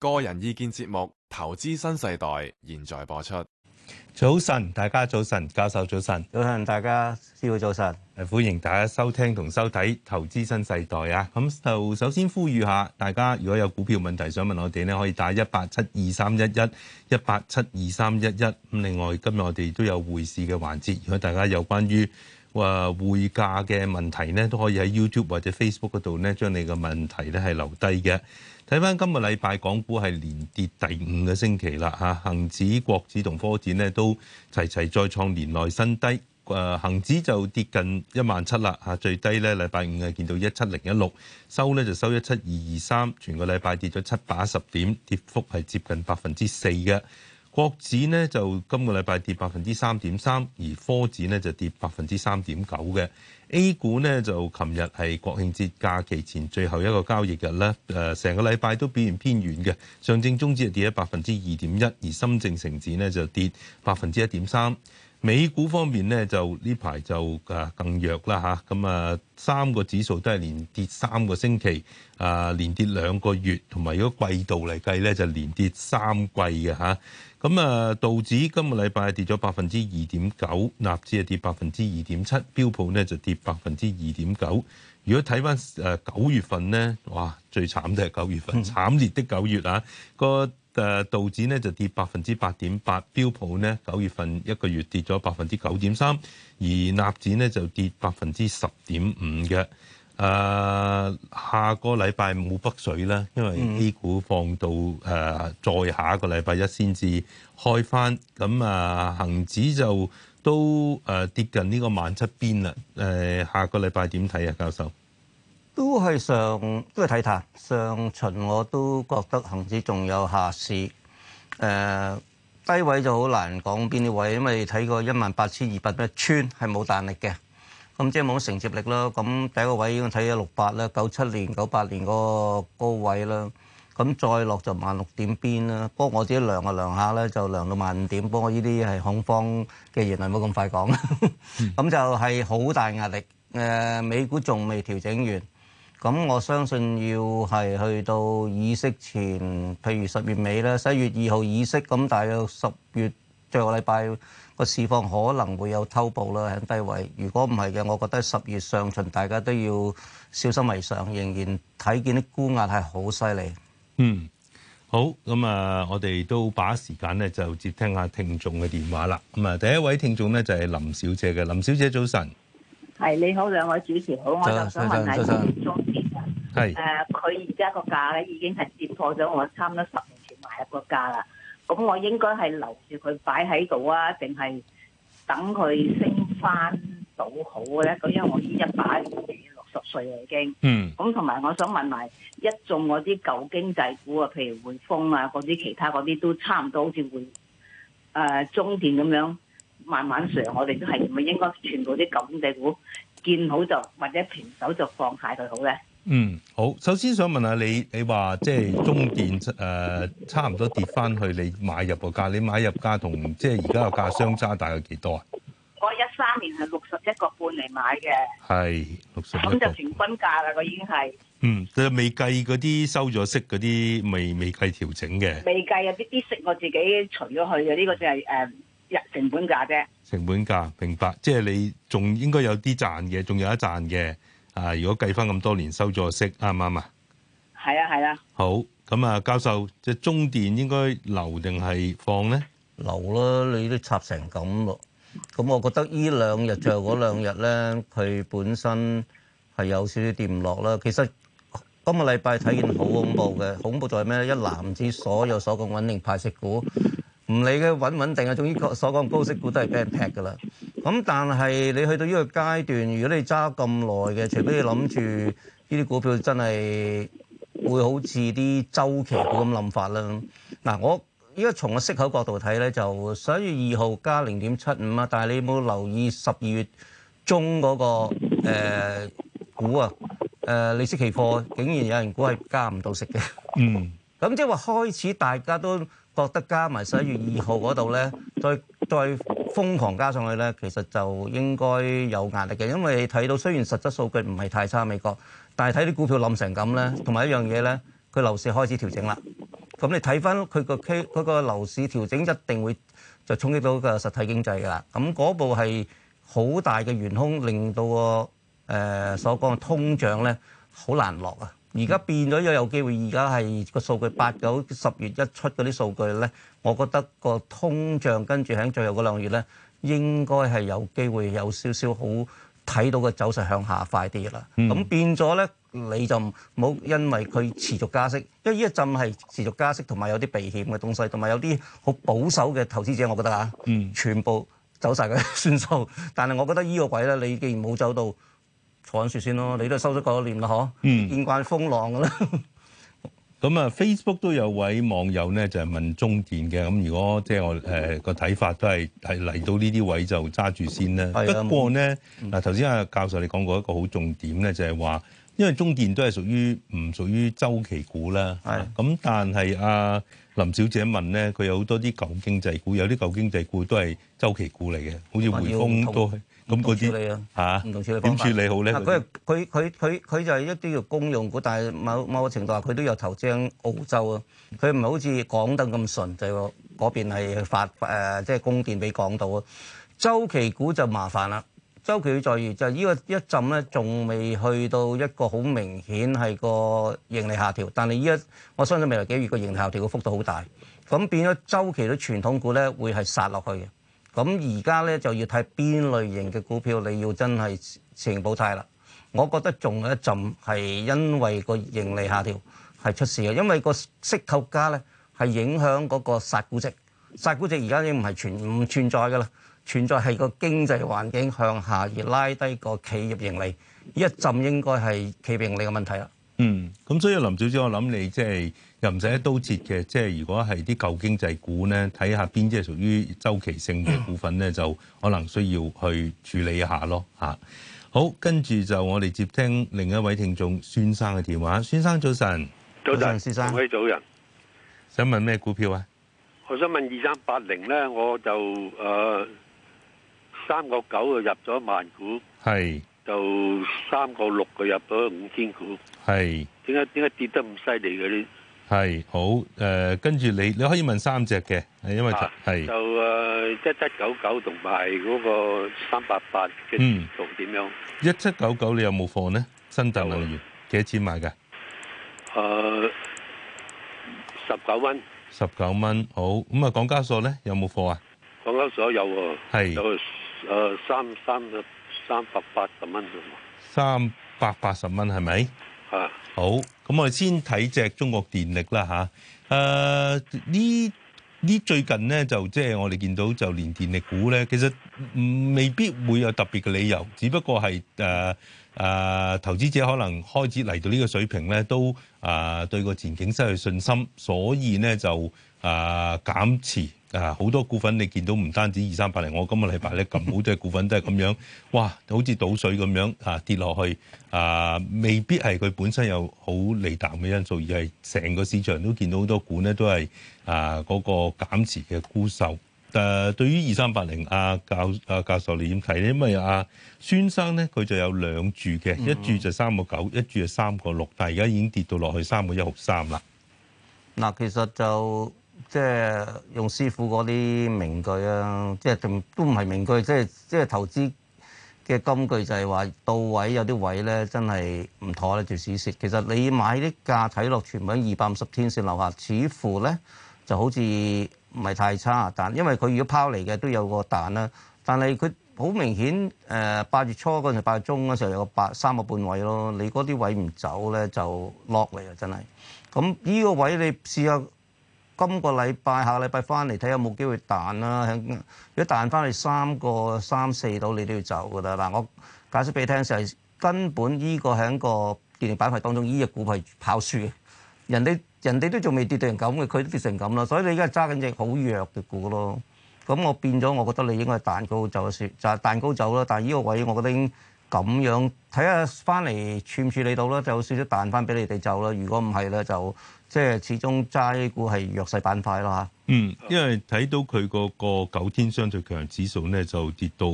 個人意見節目《投資新世代》現在播出。早晨，大家早晨，教授早晨，早晨大家師傅早晨。誒，歡迎大家收聽同收睇《投資新世代》啊！咁就首先呼籲下大家，如果有股票問題想問我哋呢，可以打一八七二三一一一八七二三一一。咁另外，今日我哋都有匯市嘅環節，如果大家有關於話匯價嘅問題咧，都可以喺 YouTube 或者 Facebook 嗰度咧，將你嘅問題咧係留低嘅。睇翻今個禮拜，港股係連跌第五個星期啦嚇，恆指、國指同科指咧都齊齊再創年內新低。誒恆指就跌近一萬七啦嚇，最低咧禮拜五係見到一七零一六，收呢就收一七二二三，全個禮拜跌咗七百一十點，跌幅係接近百分之四嘅。國指呢就今個禮拜跌百分之三點三，而科指呢就跌百分之三點九嘅。A 股呢就琴日係國慶節假期前最後一個交易日咧，誒、呃、成個禮拜都表現偏軟嘅。上證綜指係跌咗百分之二點一，而深證成指呢就跌百分之一點三。美股方面咧就呢排就啊更弱啦吓，咁啊三個指數都係連跌三個星期，啊連跌兩個月，同埋如果季度嚟計咧就連跌三季嘅吓，咁啊道指今個禮拜跌咗百分之二點九，納指啊跌百分之二點七，標普呢就跌百分之二點九。如果睇翻誒九月份呢，哇最慘都係九月份，嗯、慘烈的九月啊個。誒道指咧就跌百分之八點八，標普呢九月份一個月跌咗百分之九點三，而納指呢就跌百分之十點五嘅。誒、呃、下個禮拜冇北水啦，因為 A 股放到誒、呃、再下個禮拜一先至開翻，咁、呃、啊恒指就都誒跌近呢個萬七邊啦。誒、呃、下個禮拜點睇啊，教授？都係上都係睇淡，上旬我都覺得恆指仲有下市。誒、呃、低位就好難講邊啲位，因為睇過一萬八千二百一穿係冇彈力嘅，咁即係冇承接力咯。咁第一個位我睇咗一六八啦，九七年、九八年個高位啦。咁再落就萬六點邊啦。不過我自己量啊量下咧，就量到萬五點。不過呢啲係恐慌嘅現象，冇咁快講。咁 就係好大壓力。誒、呃、美股仲未調整完。咁我相信要係去到議息前，譬如十月尾啦，十一月二號議息，咁大約十月最後禮拜個市況可能會有偷步啦，喺低位。如果唔係嘅，我覺得十月上旬大家都要小心為上，仍然睇見啲沽壓係好犀利。嗯，好，咁啊，我哋都把時間咧就接聽下聽,聽眾嘅電話啦。咁啊，第一位聽眾咧就係林小姐嘅，林小姐早晨。係，你好兩位主持好，我就想問下係誒，佢而家個價咧已經係跌破咗我差唔多十年前買入個價啦。咁我應該係留住佢擺喺度啊，定係等佢升翻到好嘅咧？咁因為我呢一擺，我哋六十歲啦已經。嗯。咁同埋，我想問埋一眾嗰啲舊經濟股啊，譬如匯豐啊，嗰啲其他嗰啲都差唔多好會，好似匯誒中電咁樣，慢慢上。我哋都係咪應該全部啲舊經濟股見好就或者平手就放晒佢好咧？嗯，好。首先想問下你，你話即係中電誒、呃、差唔多跌翻去你買入個價，你買入價同即係而家個價相差大概幾多啊？我一三年係六十一個半嚟買嘅，係六十一個半咁就平均價啦，佢已經係嗯，即係未計嗰啲收咗息嗰啲，未未計調整嘅，未計啊！啲啲息我自己除咗去嘅，呢、這個就係誒入成本價啫。成本價，成本價明白，即係你仲應該有啲賺嘅，仲有一賺嘅。啊！如果計翻咁多年收咗息啱唔啱啊？係啊係啊。好咁啊，教授，即係中電應該留定係放咧？留啦，你都插成咁咯。咁我覺得呢兩日最後嗰兩日咧，佢本身係有少少跌落啦。其實今個禮拜睇見好恐怖嘅，恐怖在咩咧？一籃子所有所講穩定派息股，唔理嘅穩唔穩定啊，總之所講高息股都係俾人劈嘅啦。咁但係你去到呢個階段，如果你揸咁耐嘅，除非你諗住呢啲股票真係會好似啲週期股咁諗法啦。嗱，我依家從個息口角度睇咧，就十一月二號加零點七五啊，但係你冇留意十二月中嗰、個、呃、股啊？誒、呃，利息期貨竟然有人估係加唔到息嘅。嗯。咁即係話開始大家都。覺得加埋十一月二號嗰度咧，再再瘋狂加上去咧，其實就應該有壓力嘅，因為你睇到雖然實質數據唔係太差美國，但係睇啲股票冧成咁咧，同埋一樣嘢咧，佢樓市開始調整啦。咁你睇翻佢個區嗰個樓市調整，一定會就衝擊到個實體經濟㗎喇。咁嗰部係好大嘅元兇，令到個誒、呃、所講嘅通脹咧，好難落啊！而家變咗又有機會，而家係個數據八九十月一出嗰啲數據咧，我覺得個通脹跟住喺最後嗰兩月咧，應該係有機會有少少好睇到個走勢向下快啲嘅啦。咁、嗯、變咗咧，你就唔好因為佢持續加息，因為呢一陣係持續加息同埋有啲避險嘅東西，同埋有啲好保守嘅投資者，我覺得啊，嗯、全部走晒佢 算數。但係我覺得依個位咧，你既然冇走到。坐緊雪先咯，你都收咗咁多年啦，嗬、嗯，見慣風浪噶啦。咁 啊，Facebook 都有位網友咧，就係、是、問中電嘅，咁如果即係、就是、我誒個睇法都係係嚟到呢啲位就揸住先啦。不過咧，嗱頭先阿教授你講過一個好重點咧，就係、是、話。因為中電都係屬於唔屬於週期股啦，咁但係阿林小姐問咧，佢有好多啲舊經濟股，有啲舊經濟股都係週期股嚟嘅，好似匯豐都咁嗰啲嚇點處理好咧？佢佢佢佢佢就一啲嘅公用股，但係某某個程度話佢都有投資澳洲啊，佢唔係好似港燈咁純，就嗰邊係發誒即係供電俾港島啊，週期股就麻煩啦。周期嘅在於就係呢個一陣咧，仲未去到一個好明顯係個盈利下調，但係依家我相信未來幾月個盈利下調嘅幅度好大，咁變咗週期都傳統股咧會係殺落去嘅。咁而家咧就要睇邊類型嘅股票，你要真係承保曬啦。我覺得仲有一陣係因為個盈利下調係出事嘅，因為個息口加咧係影響嗰個殺估值，殺估值而家已經唔係存唔存在㗎啦。存在係個經濟環境向下而拉低個企業盈利，一陣應該係企業盈利嘅問題啦。嗯，咁所以林小姐，我諗你即係又唔使一刀切嘅，即係如果係啲舊經濟股咧，睇下邊啲係屬於周期性嘅股份咧，就可能需要去處理一下咯嚇。好，跟住就我哋接聽另一位聽眾孫生嘅電話。孫生早晨，早晨先生，早人，想問咩股票啊？我想問二三八零咧，我就誒。Uh 三個九就入咗萬股，係就三個六就入咗五千股，係點解點解跌得咁犀利嘅咧？係好誒，跟住你你可以問三隻嘅，係因為係就誒一七九九同埋嗰個三八八嘅，嗯，做點樣？一七九九你有冇貨咧？新特能源幾多錢買嘅？誒，十九蚊，十九蚊好咁啊！港交所咧有冇貨啊？港交所有，係。誒，三三三百八十蚊啫，三百八十蚊係咪？嚇，的好。咁我哋先睇隻中國電力啦嚇。誒，呢呢最近呢，就即係、就是、我哋見到就連電力股咧，其實未必會有特別嘅理由，只不過係誒誒投資者可能開始嚟到呢個水平咧，都誒、啊、對個前景失去信心，所以呢，就誒減、啊、持。啊！好多股份你見到唔單止二三八零，我今個禮拜咧，咁好多股份都係咁樣，哇！好似倒水咁樣啊跌落去啊，未必係佢本身有好利淡嘅因素，而係成個市場都見到好多股呢都係啊嗰、那個減持嘅沽售。誒、啊，對於二三八零啊教啊教授你點睇呢？因為啊孫生咧佢就有兩注嘅，一注就三個九，一注就三個六，但係而家已經跌到落去三個一毫三啦。嗱、嗯，其實就～即係用師傅嗰啲名句啊，即係都唔係名句，即係即係投資嘅金句就係話到位有啲位咧，真係唔妥咧條屎線。其實你買啲價睇落全部喺二百五十天線留下，似乎咧就好似唔係太差，但因為佢如果拋嚟嘅都有個彈啦。但係佢好明顯誒，八月初嗰陣、八月中嗰陣有個八三個半位咯。你嗰啲位唔走咧，就落嚟啊！真係咁呢個位你試下。今個禮拜、下個禮拜翻嚟睇下有冇機會彈啦。如果彈翻嚟三個、三四度，你都要走㗎啦。嗱，我解釋俾你聽，就係根本依個喺個電力板塊當中，依隻股票係跑輸嘅。人哋人哋都仲未跌到成咁嘅，佢都跌成咁啦。所以你而家揸緊隻好弱嘅股咯。咁我變咗，我覺得你應該彈高走一啲，就係彈高走啦。但係依個位，我覺得應咁樣睇下翻嚟處唔處理到啦，就好少少彈翻俾你哋走啦。如果唔係咧，就～即係始終齋股係弱勢板塊咯嚇。嗯，因為睇到佢個九天相對強指數咧就跌到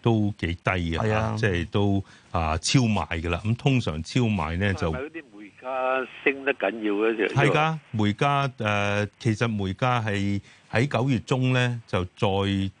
都幾低嘅，的即係都啊、呃、超賣嘅啦。咁通常超賣咧就係嗰啲煤價升得緊要嘅、啊。係噶，煤價誒、呃、其實煤價係喺九月中咧就再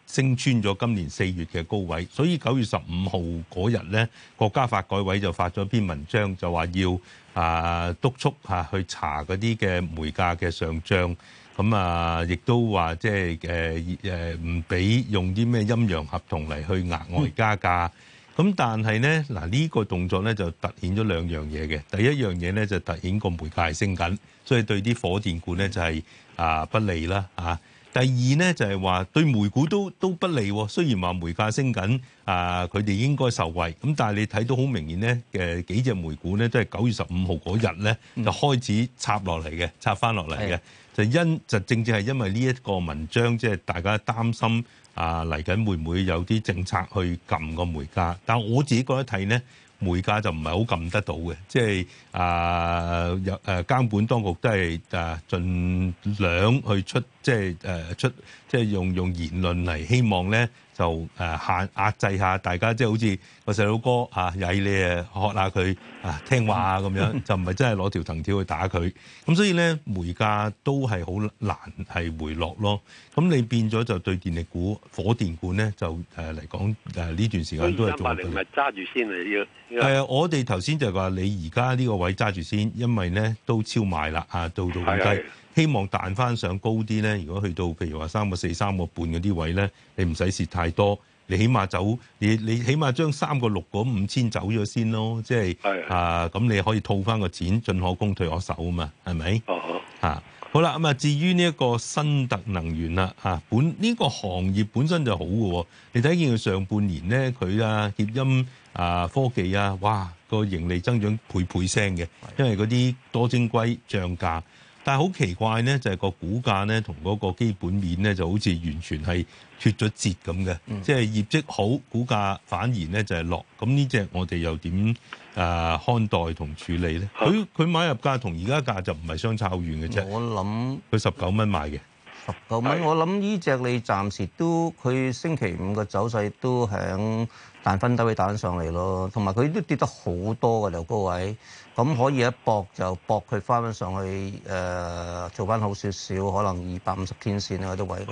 升穿咗今年四月嘅高位，所以九月十五號嗰日咧，國家發改委就發咗篇文章就話要。啊！督促嚇、啊、去查嗰啲嘅煤價嘅上漲，咁啊亦都話，即係誒誒唔俾用啲咩陰陽合同嚟去額外加價，咁但係咧嗱，呢、啊這個動作咧就凸顯咗兩樣嘢嘅。第一樣嘢咧就凸顯個煤價係升緊，所以對啲火電股咧就係、是、啊不利啦吓。啊第二咧就係話對煤股都都不利，雖然話煤價升緊，啊佢哋應該受惠。咁但係你睇到好明顯咧，嘅幾隻煤股咧都係九月十五號嗰日咧就開始插落嚟嘅，插翻落嚟嘅。就因就正正係因為呢一個文章，即係大家擔心啊嚟緊會唔會有啲政策去撳個煤價。但係我自己覺得睇咧，煤價就唔係好撳得到嘅，即係啊有誒監管當局都係誒盡量去出。即係誒出，即、呃、係用用言論嚟希望咧，就誒限、呃、壓制下大家，即係好似個細佬哥嚇曳你啊，學下佢啊，聽話啊咁樣，就唔係真係攞條藤條去打佢。咁所以咧，煤價都係好難係回落咯。咁你變咗就對電力股、火電股咧，就誒嚟講誒呢段時間都係做要。所以三百揸住先嚟要。係啊、呃，我哋頭先就話你而家呢個位揸住先，因為咧都超賣啦，啊到到咁低。希望彈翻上高啲咧，如果去到譬如話三個四三個半嗰啲位咧，你唔使蝕太多，你起碼走，你你起碼將三個六嗰五千走咗先咯，即係係啊，咁你可以套翻個錢，進可攻退可守啊嘛，係咪？哦、uh huh. 啊，好啦，咁啊，至於呢一個新特能源啦，嚇、啊，本呢、呢個行業本身就好嘅，你睇見佢上半年咧，佢啊協鑫啊科技啊，哇，個盈利增長倍倍聲嘅，因為嗰啲多晶硅漲價。但係好奇怪咧，就係、是、個股價咧同嗰個基本面咧就好似完全係脫咗節咁嘅。嗯、即係業績好，股價反而咧就係落。咁呢隻我哋又點啊看待同處理咧？佢佢是買入價同而家價就唔係相差好遠嘅啫。我諗佢十九蚊買嘅。十九蚊，的我諗呢隻你暫時都，佢星期五個走勢都喺但分低啲彈上嚟咯，同埋佢都跌得好多嘅留高位，咁可以一搏就搏佢翻翻上去誒、呃、做翻好少少，可能二百五十天線啊啲位，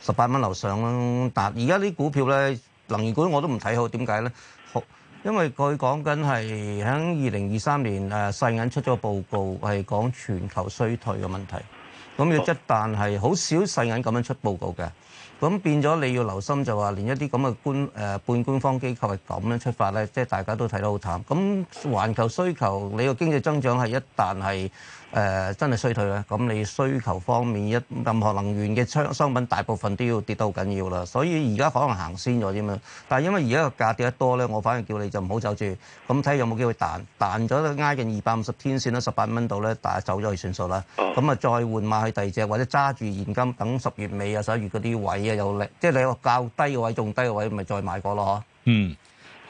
十八蚊樓上啦。但而家啲股票咧，能源股我都唔睇好，點解咧？因為佢講緊係喺二零二三年誒世銀出咗個報告，係講全球衰退嘅問題。咁要一旦係好少細眼咁樣出報告嘅，咁變咗你要留心就話，連一啲咁嘅官誒、呃、半官方機構係咁樣出發咧，即係大家都睇得好淡。咁環球需求，你個經濟增長係一旦係。誒、呃、真係衰退咧，咁你需求方面一任何能源嘅商商品，大部分都要跌到好緊要啦。所以而家可能行先咗啲嘛，但係因為而家個價跌得多咧，我反而叫你就唔好走住，咁睇有冇機會彈彈咗咧挨近二百五十天線啦，十八蚊度咧大家走咗去算數啦。咁啊、嗯、再換買去第二隻，或者揸住現金等十月尾啊十一月嗰啲位啊有力，即係你個較低嘅位，仲低嘅位咪再買過咯嗯。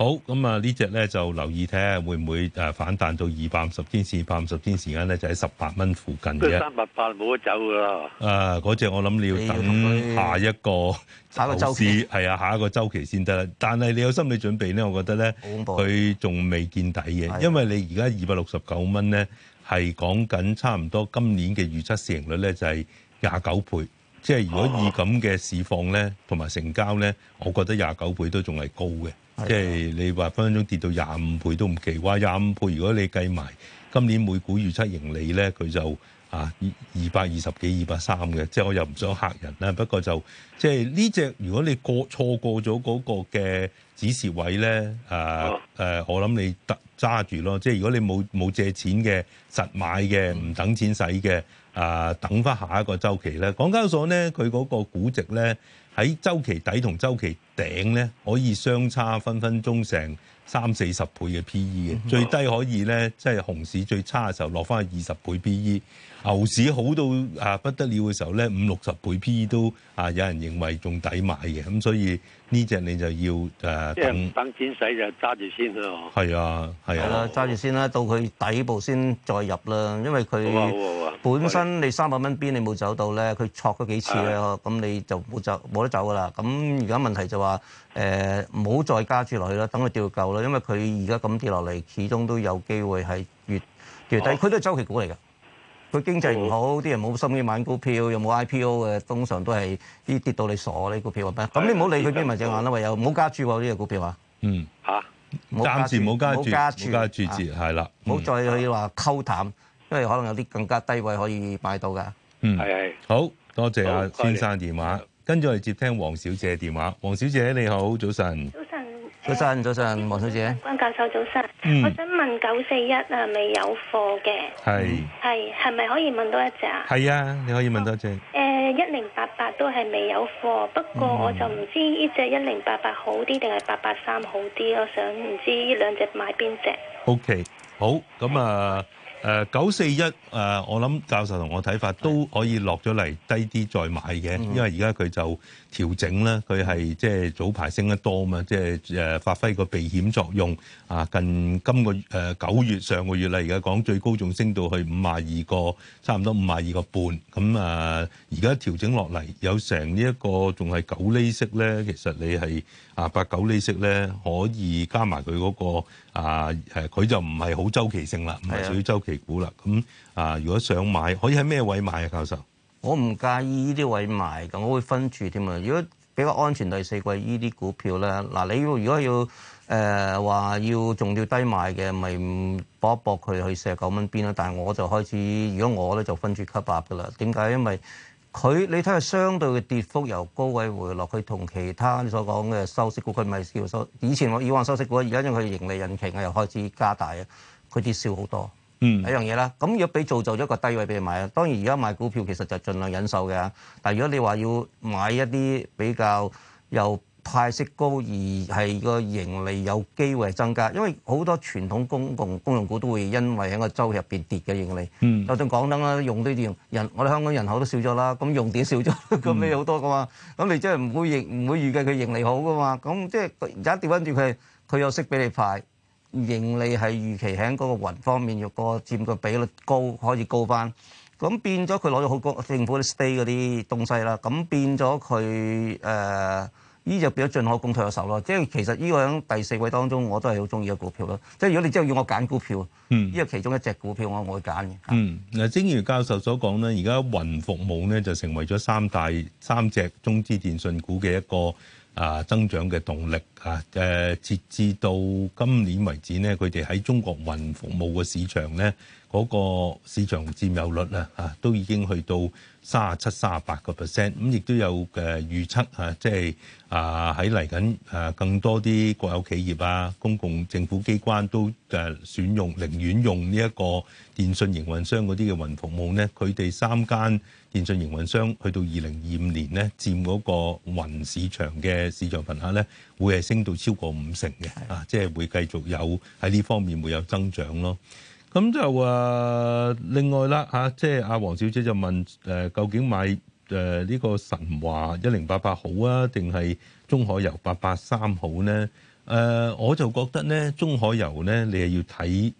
好咁啊！隻呢隻咧就留意睇下，會唔會誒反彈到二百五十天線、二百五十天時間咧，就喺十八蚊附近嘅。三百八冇得走㗎啦！誒、啊，嗰隻我諗你要等下一個，下一個週期，係啊，下一個週期先得。但係你有心理準備咧，我覺得咧，佢仲未見底嘅，的因為你而家二百六十九蚊咧，係講緊差唔多今年嘅預測市盈率咧，就係廿九倍。即係如果以咁嘅市況咧，同埋成交咧，我覺得廿九倍都仲係高嘅。即係你話分分鐘跌到廿五倍都唔奇，話廿五倍，如果你計埋今年每股預測盈利咧，佢就啊二二百二十幾二百三嘅。即係我又唔想嚇人啦，不過就即係呢隻如果你過錯過咗嗰個嘅指示位咧，呃、啊誒、呃，我諗你得揸住咯。即係如果你冇冇借錢嘅實買嘅，唔等錢使嘅，啊、呃、等翻下一個週期咧，港交所咧佢嗰個估值咧。喺周期底同周期頂咧，可以相差分分鐘成三四十倍嘅 P E 嘅，最低可以咧，即係熊市最差嘅時候落翻去二十倍 P E，牛市好到啊不得了嘅時候咧，五六十倍 P E 都啊有人認為仲抵買嘅，咁所以。呢隻你就要誒等，等錢使就揸、是、住先咯。係啊，係啊，揸住、啊哦、先啦，到佢底部先再入啦，因為佢、啊啊啊、本身以你三百蚊邊你冇走到咧，佢錯咗幾次咧，咁的你就冇走冇得走噶啦。咁而家問題就話、是、誒，唔、呃、好再加注落去啦，等佢掉到夠啦，因為佢而家咁跌落嚟，始終都有機會係越跌，佢、哦、都係周期股嚟嘅。佢經濟唔好，啲、哦、人冇心機買股票，又冇 IPO 嘅，通常都係啲跌到你傻呢股票啊！咁你唔好理佢邊咪埋隻眼啦，唯有唔好加注呢個股票啊！嗯，嚇，暫時冇加注，加注，加注住，係啦，唔好再去話溝淡，因為可能有啲更加低位可以買到噶。嗯，係是，好多謝阿好先生電話，跟住我哋接聽黃小姐電話。黃小姐你好，早晨。早晨，早晨，黃小姐。關教授，早晨。嗯。我想問九四一啊，未有貨嘅。係。係係咪可以問多一隻啊？係啊，你可以問多一隻。誒，一零八八都係未有貨，不過我就唔知呢隻一零八八好啲定係八八三好啲，我想唔知呢兩隻買邊隻。OK，好，咁啊，誒，九四一誒，我諗教授同我睇法都可以落咗嚟低啲再買嘅，因為而家佢就。調整咧，佢係即係早排升得多嘛，即係誒發揮個避險作用啊！近今個誒九、呃、月上個月嚟而家講最高仲升到去五萬二個，差唔多五萬二個半。咁、呃、啊，而家調整落嚟有成呢一個仲係九厘息咧，其實你係啊八九厘息咧可以加埋佢嗰個啊誒，佢就唔係好周期性啦，唔係屬於週期股啦。咁啊的、呃，如果想買，可以喺咩位買啊，教授？我唔介意呢啲位賣嘅，我會分住添啊！如果比較安全第四季依啲股票咧，嗱，你要如果要誒話，呃，要仲要低賣嘅，咪搏一搏佢去四十九蚊邊咯。但係我就開始，如果我咧就分住吸納嘅啦。點解？因為佢你睇下相對嘅跌幅由高位回落，去同其他你所講嘅收息股佢咪少收。以前我以往收息股，而家因為佢盈利引擎，啊，又開始加大啊，佢跌少好多。嗯、一樣嘢啦，咁如果俾造就咗一個低位俾你買啊，當然而家買股票其實就盡量忍受嘅。但如果你話要買一啲比較又派息高而係個盈利有機會增加，因為好多傳統公共公用股都會因為喺個周入邊跌嘅盈利。嗯，我仲講啦，用啲人我哋香港人口都少咗啦，咁用電少咗，咁你好多噶嘛，咁你即係唔會預唔會預計佢盈利好噶嘛？咁即係而家掉翻轉佢，佢有息俾你派。盈利係預期喺嗰個雲方面，若個佔個比率高可以高返。咁變咗佢攞咗好高政府啲 stay 嗰啲東西啦，咁變咗佢誒依就變咗進可攻退可守咯。即係其實依個喺第四季當中我都係好中意嘅股票咯。即係如果你真係要我揀股票，嗯，依係其中一隻股票我我會揀嘅。嗯，嗱是正如教授所講咧，而家雲服務咧就成為咗三大三隻中資電信股嘅一個啊，增長嘅動力啊，誒，截至到今年為止咧，佢哋喺中國雲服務嘅市場咧，嗰個市場佔有率啊，嚇，啊，都已經去到，卅七、卅八個 percent，咁亦都有嘅預測啊，即係啊喺嚟緊誒更多啲國有企業啊、公共政府機關都誒選用，寧願用呢一個電信營運商嗰啲嘅雲服務咧，佢哋三間電信營運商去到二零二五年咧，佔嗰個雲市場嘅市場份額咧，會係升到超過五成嘅啊，的即係會繼續有喺呢方面會有增長咯。咁就誒，另外啦嚇，即係阿黃小姐就問誒，究竟買誒呢個神華一零八八好啊，定係中海油八八三好呢？誒、呃，我就覺得呢，中海油呢，你係要睇，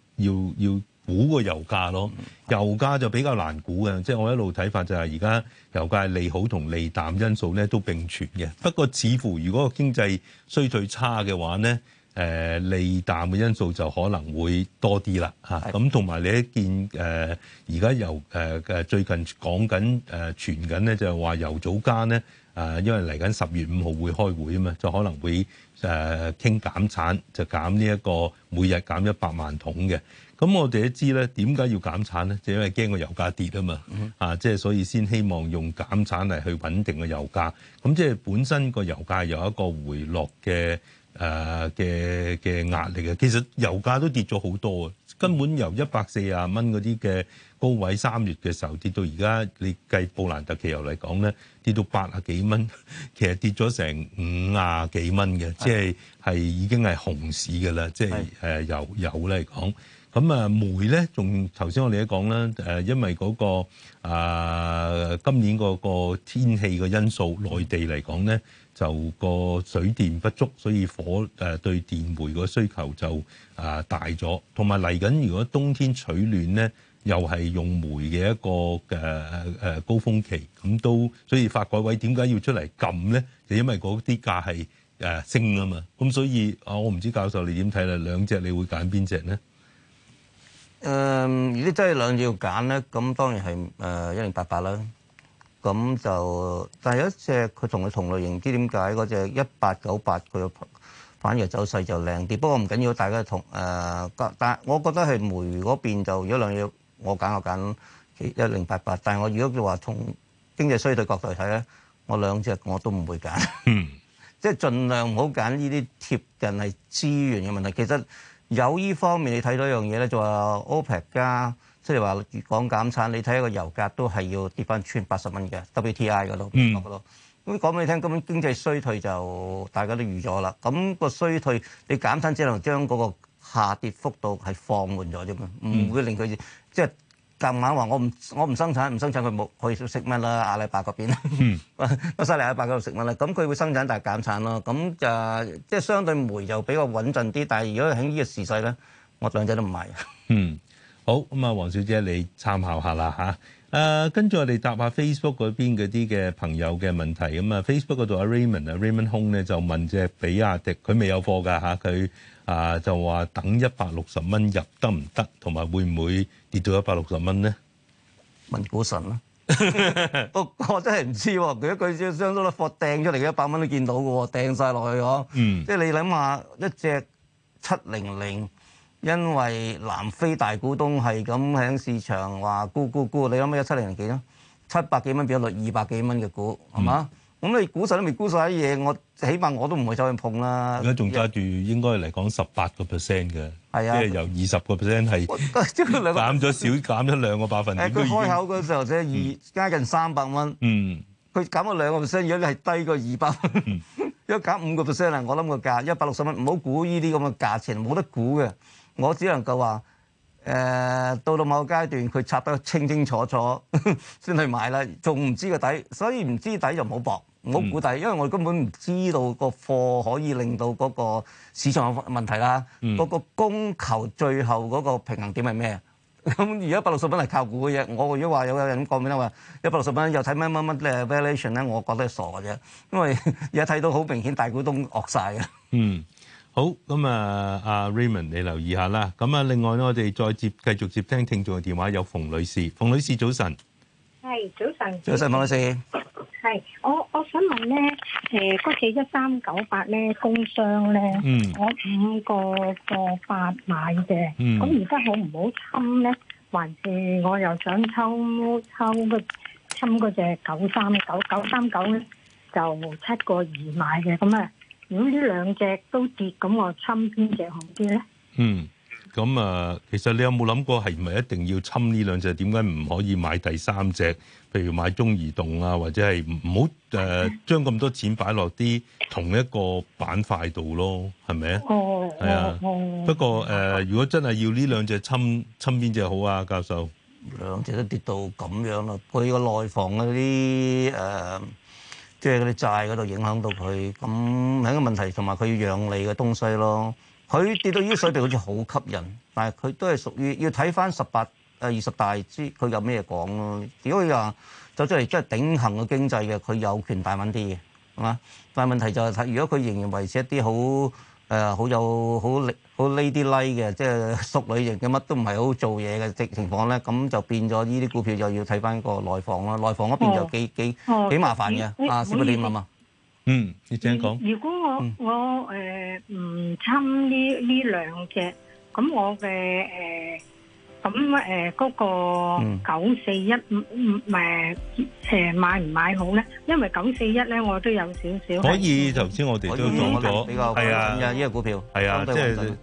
要要估個油價咯。油價就比較難估嘅，即係我一路睇法就係，而家油價利好同利淡因素呢都並存嘅。不過似乎如果經濟衰退差嘅話呢，誒利淡嘅因素就可能會多啲啦嚇，咁同埋你一見誒而家油誒誒最近講緊誒傳緊咧就係話油組間咧啊，因為嚟緊十月五號會開會啊嘛，就可能會誒傾、呃、減產，就減呢、這、一個每日減一百萬桶嘅。咁我哋都知咧，點解要減產咧？就是、因為驚個油價跌啊嘛，mm hmm. 啊即係所以先希望用減產嚟去穩定個油價。咁即係本身個油價有一個回落嘅。誒嘅嘅壓力嘅，其實油價都跌咗好多，根本由一百四十蚊嗰啲嘅高位三月嘅時候跌到而家，你計布蘭特期油嚟講咧，跌到八十幾蚊，其實跌咗成五十幾蚊嘅，即係係已經係熊市嘅啦，即係誒油油咧嚟講，咁啊煤咧仲頭先我哋都講啦，誒因為嗰個啊今年嗰個天氣嘅因素，內地嚟講咧。就個水電不足，所以火誒對電煤個需求就啊大咗，同埋嚟緊如果冬天取暖咧，又係用煤嘅一個誒誒高峰期，咁都所以發改委點解要出嚟撳咧？就因為嗰啲價係誒升啊嘛，咁所以啊，我唔知教授你點睇啦，兩隻你會揀邊隻咧？嗯，如果真係兩隻要揀咧，咁當然係誒一零八八啦。咁就但係有一隻佢同佢同類型，唔知點解嗰隻一八九八佢反而走勢就靚啲。不過唔緊要，大家同誒、呃，但係我覺得係煤嗰邊就如果兩樣，我揀我揀一零八八。但係我如果佢話從經濟衰退角度嚟睇咧，我兩隻我都唔會揀。嗯，即係盡量唔好揀呢啲貼近係資源嘅問題。其實有呢方面你睇到一樣嘢咧，就係 OPEC 加。即係話講減產，你睇一個油價都係要跌翻穿八十蚊嘅 WTI 嗰度，咁講俾你聽，根本經濟衰退就大家都預咗啦。咁個衰退你減產只能將嗰個下跌幅度係放緩咗啫嘛，唔會令佢、嗯、即係夾硬話我唔我唔生產，唔生產佢冇去食乜啦。阿拉伯嗰邊，乜犀利？阿拉伯嗰度食乜咧？咁佢會生產但係減產咯。咁就即係相對煤就比較穩陣啲。但係如果喺呢個時勢咧，我兩隻都唔買。嗯。 好咁啊，黃小姐你參考下啦嚇。誒，跟住我哋答下 Facebook 嗰邊嗰啲嘅朋友嘅問題。咁啊，Facebook 嗰度阿 Raymond 啊 Raymond 空咧就問隻比亞迪，佢未有貨㗎嚇。佢啊就話等一百六十蚊入得唔得，同埋會唔會跌到一百六十蚊咧？問股神啦，我我真係唔知喎。佢一句將嗰粒貨掟出嚟，嘅一百蚊都見到㗎喎，掟晒落去咁。嗯，即係你諗下一隻七零零。因為南非大股東係咁喺市場話沽沽沽，你諗下一七年幾啦，七百幾蚊變咗二百幾蚊嘅股，係嘛、嗯？咁你估晒都未沽曬嘢，我起碼我都唔會走去碰啦。而家仲揸住應該嚟講十八個 percent 嘅，啊、即係由二十個 percent 係減咗少減咗兩個百分點。佢 開口嗰時候啫，二、嗯、加近三百蚊。嗯，佢減咗兩個 percent，如果你係低過二百蚊，如果減五個 percent 啦， 我諗個價一百六十蚊，唔好估呢啲咁嘅價錢，冇得估嘅。我只能夠話，誒、呃、到到某個階段，佢拆得清清楚楚先 去買啦，仲唔知個底，所以唔知底就唔好搏，唔好估底，嗯、因為我根本唔知道個貨可以令到嗰個市場有問題啦。嗰、嗯、個供求最後嗰個平衡點係咩？咁而家百六十蚊係靠估嘅啫。我如果話有有人講咩話一百六十蚊又睇乜乜乜誒 valuation 咧，我覺得傻嘅啫，因為而家睇到好明顯大股東惡晒。嘅。嗯。好，咁啊，阿 Raymond，你留意下啦。咁啊，另外呢，我哋再接繼續接聽聽眾嘅電話，有馮女士。馮女士，早晨。係，早晨。早晨，馮女士。係，我我想問咧，誒，嗰幾一三九八咧，工商咧，嗯，我五個個八買嘅，嗯，咁而家好唔好侵咧？還是我又想抽抽個侵嗰隻九三九九三九咧，就七個二買嘅，咁啊。如果呢兩隻都跌，咁我侵邊隻好啲咧？嗯，咁啊，其實你有冇諗過係唔係一定要侵呢兩隻？點解唔可以買第三隻？譬如買中移動啊，或者係唔好誒將咁多錢擺落啲同一個板塊度咯？係咪、哦哦、啊？係啊、哦。不過誒、呃，如果真係要呢兩隻侵，侵邊隻好啊？教授，兩隻都跌到咁樣啦，配個內房嗰啲誒。呃即係嗰啲債嗰度影響到佢，咁係一個問題，同埋佢要養你嘅東西咯。佢跌到依個水平好似好吸引，但係佢都係屬於要睇翻十八誒二十大，之。佢有咩講咯。如果佢話走出嚟即係頂行嘅經濟嘅，佢有權大揾啲嘅，係嘛？但係問題就係、是、睇，如果佢仍然維持一啲好。誒好有好好呢啲 like 嘅，即係淑女型嘅，乜都唔係好做嘢嘅情情況咧，咁就變咗呢啲股票就要睇翻個內房咯。內房嗰邊就幾幾幾麻煩嘅，啊少不免啊嘛。嗯，你請講。如果我我誒唔侵呢呢兩隻，咁我嘅誒。咁誒嗰個九四一誒誒買唔買好咧？因為九四一咧，我都有少少可以。頭先我哋都講咗比較係啊，呢個股票係啊，即係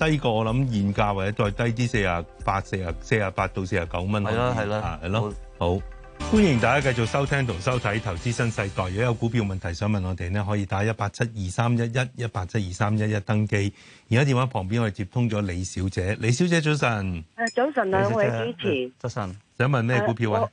誒低過我諗現價或者再低啲四啊八、四啊四啊八到四啊九蚊。係啦，係啦，係咯，好。歡迎大家繼續收聽同收睇《投資新世代》。如果有股票問題想問我哋咧，可以打一八七二三一一一八七二三一一登記。而家電話旁邊我哋接通咗李小姐，李小姐早晨。誒，早晨啊，兩位主持早晨，想問咩股票啊？啊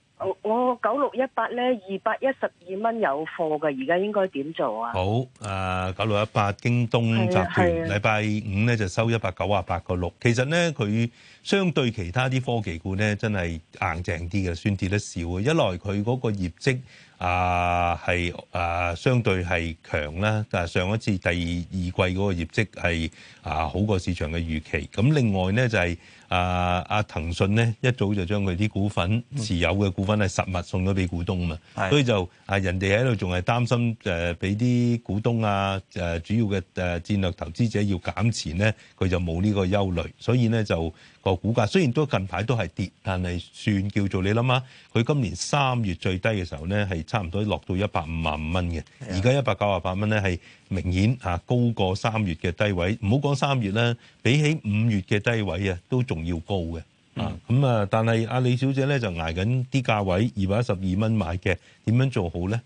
我九六一八咧二百一十二蚊有貨嘅，而家應該點做啊？好，誒九六一八，18, 京東集團，禮拜、啊啊、五咧就收一百九啊八個六。其實咧，佢相對其他啲科技股咧，真係硬淨啲嘅，算跌得少啊。一來佢嗰個業績啊係啊相對係強啦，但係上一次第二季嗰個業績係啊好過市場嘅預期。咁另外咧就係、是。啊啊！騰訊咧一早就將佢啲股份持有嘅股份係實物送咗俾股東嘛，的所以就啊人哋喺度仲係擔心誒俾啲股東啊誒、呃、主要嘅誒、呃、戰略投資者要減持咧，佢就冇呢個憂慮，所以咧就個股價雖然都近排都係跌，但係算叫做你諗下，佢今年三月最低嘅時候咧係差唔多落到一百五萬五蚊嘅，而家一百九十八蚊咧係。明顯嚇、啊、高過三月嘅低位，唔好講三月啦，比起五月嘅低位啊，都仲要高嘅。啊、嗯，咁啊，但係阿李小姐咧就挨緊啲價位二百一十二蚊買嘅，點樣做好咧？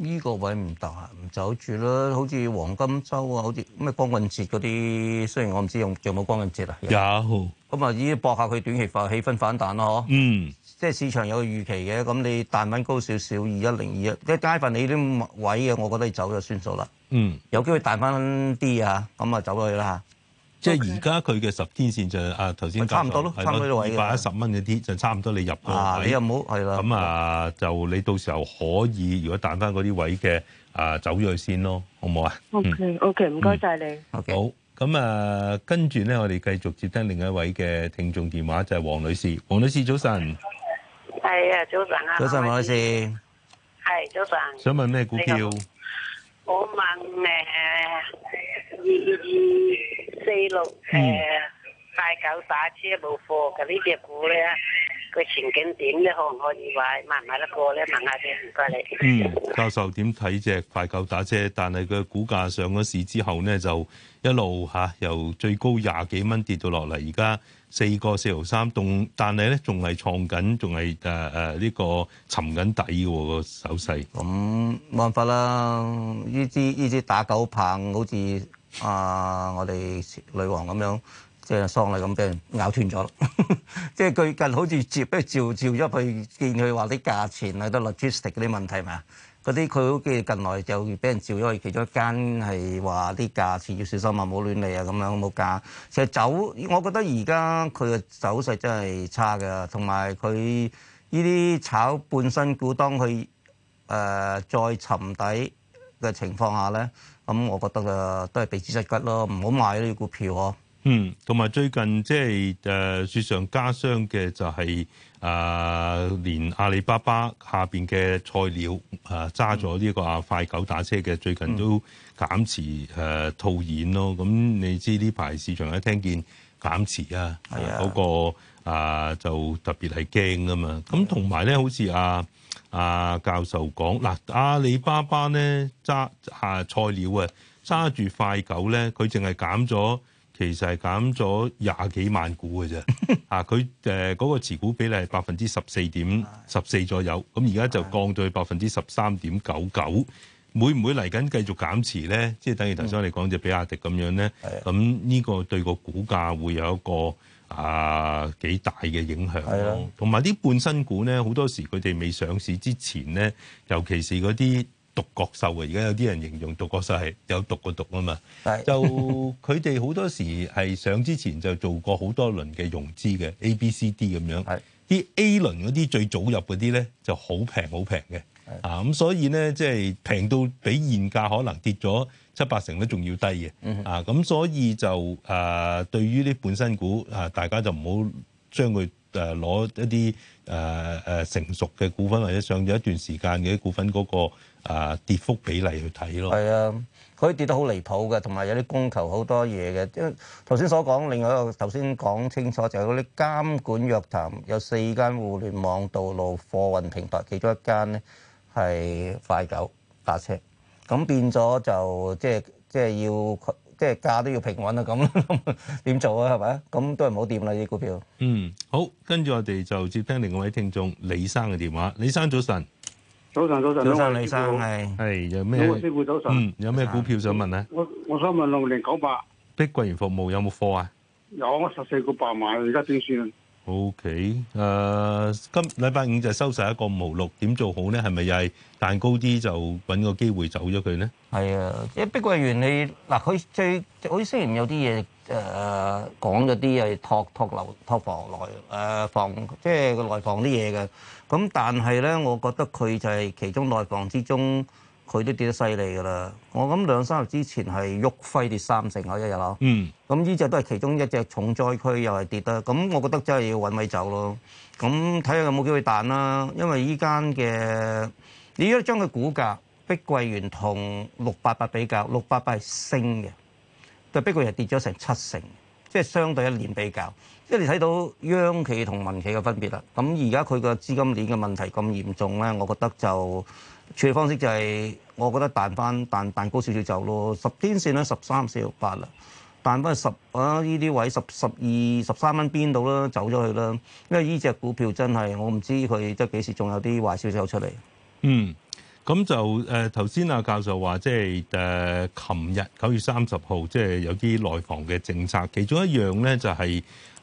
呢個位唔大，唔走住啦。好似黃金周啊，好似咩光棍節嗰啲，雖然我唔知用著冇光棍節啊。有。咁啊，依啲搏下佢短期化氣氛反彈咯，嗯。嗯嗯。即係市場有個預期嘅，咁你彈翻高少少二一零二一，21, 21，即係街份你啲位嘅，我覺得你走就算數啦。嗯，有機會彈翻啲啊，咁啊走咗去啦。即係而家佢嘅十天線就啊頭先差唔多咯，差唔多位嘅。十蚊嗰啲就差唔多你入去。啊，你又好係啦。咁啊，那的就你到時候可以如果彈翻嗰啲位嘅啊走咗去先咯，好唔好啊？OK，OK，唔該晒你。OK，好。咁啊，跟住咧，我哋繼續接聽另一位嘅聽眾電話，就係、是、黃女士。黃女，女，女士早晨。係啊，早晨，啊，早晨，唔好意思，係早晨，想問咩股票？我問咩？二二四六誒，大、嗯呃、狗打車冇貨，咁呢隻股咧？佢前景點咧？可唔可以話買唔買，買得過咧？問下先，唔該你。嗯，教授點睇隻快狗打車，但係佢股價上咗市之後咧，就一路嚇、啊、由最高廿幾蚊跌到落嚟，而家四個四毫三，仲但係咧仲係創緊，仲係誒誒呢個沉緊底個手勢。咁冇、嗯、辦法啦，呢支呢支打狗棒好似啊，我哋女王咁樣。即係喪禮，咁俾人咬斷咗咯。 即係佢近好似接，不如照照咗去見佢話啲價錢啊，啲 logistic 嗰啲問題咪？嗰啲佢好似近來就俾人照咗去其中一間，係話啲價錢要小心啊，冇亂嚟啊，咁樣冇價。其實走，我覺得而家佢嘅走勢真係差㗎，同埋佢呢啲炒半新股當佢誒再沉底嘅情況下咧，咁我覺得啊，都係避之則吉咯，唔好買呢啲股票哦。嗯，同埋最近即係誒雪上加霜嘅就係、是、啊，連阿里巴巴下邊嘅菜鳥啊揸咗呢個阿快狗打車嘅最近都減持誒、啊、套現咯。咁、啊、你知呢排市場一聽見減持啊，嗰 Yeah.、啊那個啊就特別係驚啊嘛。咁同埋咧，好似阿阿教授講嗱、啊，阿里巴巴咧揸下菜鳥啊揸住快狗咧，佢淨係減咗。其實係減咗廿幾萬股嘅啫，啊！佢誒嗰個持股比例係百分之十四點十四左右，咁而家就降到去百分之十三點九九，會唔會嚟緊繼續減持咧？即係等於頭先我哋講隻比亞迪咁樣咧，咁呢 個對個股價會有一個啊幾大嘅影響咯。同埋啲半新股咧，好多時佢哋未上市之前咧，尤其是嗰啲。獨角獸啊，而家有啲人形容獨角獸係有毒個「毒」啊嘛。是 就佢哋好多時係上之前就做過好多輪嘅融資嘅 A、B、C、D 咁樣。啲是 A 輪嗰啲最早入嗰啲咧就好平好平嘅啊，咁所以咧即係平到比現價可能跌咗七八成都仲要低嘅啊，咁所以就誒、啊、對於啲本身股啊，大家就唔好將佢誒攞一啲誒誒成熟嘅股份或者上咗一段時間嘅股份嗰、嗰個。啊，跌幅比例去睇咯，係啊，佢跌得好離譜嘅，同埋有啲供求好多嘢嘅。即係頭先所講，另外一個頭先講清楚就係嗰啲監管約談，有四間互聯網道路貨運平台，其中一間咧係快狗打車，咁變咗就即係即係要即係價都要平穩啊！咁點 做啊？係咪啊？咁都係唔好掂啦！啲股票。嗯，好，跟住我哋就接聽另外一位聽眾李生嘅電話。李生早晨。早晨，早晨，早晨，李生係係有咩？嗯，有咩股票想問咧？我我想問六零九八，碧桂園服務有冇貨啊？有，我十四個八買，而家點算啊？O K，誒，今禮拜五就收市一個五毫六，點做好咧？係咪又係彈高啲就搵個機會走咗佢咧？係啊，因為碧桂園你嗱，佢最佢雖然有啲嘢。誒、呃、講咗啲係托託樓託房內誒房，即係個內房啲嘢嘅。咁但係咧，我覺得佢就係其中內房之中，佢都跌得犀利㗎啦。我諗兩三日之前係旭輝跌三成啊，一日啊。嗯。咁呢隻都係其中一隻重災區，又係跌得。咁我覺得真係要揾位走咯。咁睇下有冇機會彈啦。因為依間嘅，你一將佢股價碧桂園同六八八比較，六八八係升嘅。就逼佢係跌咗成七成，即係相對一年比較，即係你睇到央企同民企嘅分別啦。咁而家佢嘅資金鏈嘅問題咁嚴重咧，我覺得就處理方式就係、是，我覺得彈翻彈彈高少少走咯。十天線咧十三四六八啦，彈翻十啊呢啲位十十二十三蚊邊度啦，走咗去啦。因為呢隻股票真係我唔知佢即係幾時仲有啲壞消息出嚟。嗯。咁就誒頭先阿教授話，即係誒琴日九月三十號，即係有啲內房嘅政策，其中一樣咧就係、是、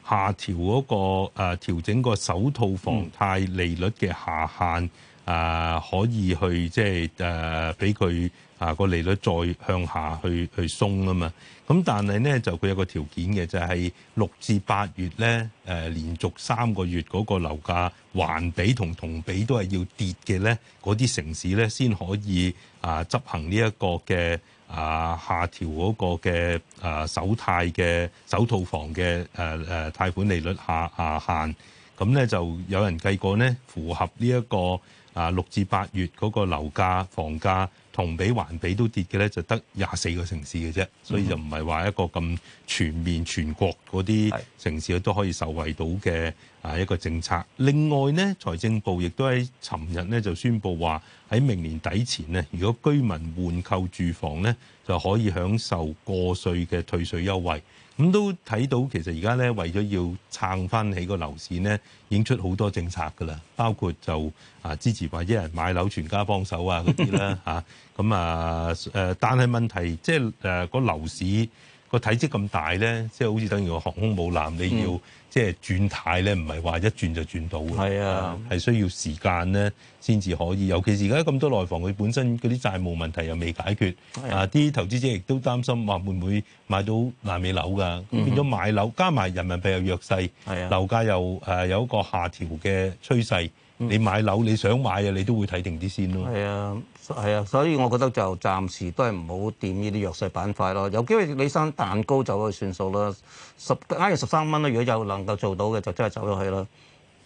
下調嗰、那個誒、呃、調整個首套房貸利率嘅下限，誒、呃、可以去即係誒俾佢。呃啊！個利率再向下去去鬆啊嘛，咁但係咧就佢有個條件嘅，就係、是、六至八月咧誒、啊、連續三個月嗰個樓價環比同同比都係要跌嘅咧，嗰啲城市咧先可以啊執行呢一個嘅啊下調嗰個嘅啊首貸嘅首套房嘅誒誒貸款利率下下限。咁咧就有人計過呢，符合呢一個啊六至八月嗰個樓價、房價同比、環比都跌嘅咧，就得廿四個城市嘅啫，所以就唔係話一個咁全面全國嗰啲城市都可以受惠到嘅啊一個政策。另外呢，財政部亦都喺尋日呢就宣布話，喺明年底前呢，如果居民換購住房呢，就可以享受個稅嘅退稅優惠。咁都睇到，其實而家咧為咗要撐返起個樓市咧，已經出好多政策㗎喇，包括就啊支持或者一人買樓全家幫手 啊嗰啲啦吓，咁啊誒，但係問題即係誒個樓市。個體積咁大咧，即係好似等於個航空母艦，你要即係轉態咧，唔係話一轉就轉到嘅，係啊，係需要時間咧先至可以。尤其是而家咁多內房，佢本身嗰啲債務問題又未解決，啊啲、啊、投資者亦都擔心話會唔會買到爛尾樓㗎？嗯、哼變咗買樓，加埋人民幣又弱勢，啊、樓價又誒有一個下調嘅趨勢，嗯、你買樓你想買啊，你都會睇定啲先咯。係啊，所以我覺得就暫時都係唔好掂呢啲弱勢板塊咯。有機會你生蛋糕走咗去算數啦，十挨十三蚊啦。如果有能夠做到嘅，就真係走咗去啦。